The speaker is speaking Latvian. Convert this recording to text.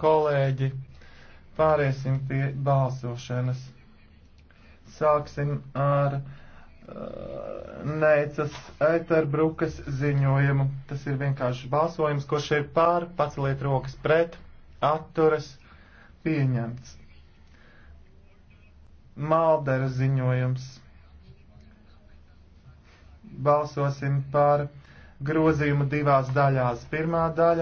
Kolēģi, pāriesim pie balsošanas. Sāksim ar uh, Neicas Eterbrukas ziņojumu. Tas ir vienkārši balsojums, kurš ir pār, paceliet rokas pret, atturas, pieņemts. Maldera ziņojums. Balsosim par grozījumu divās daļās. Pirmā daļa.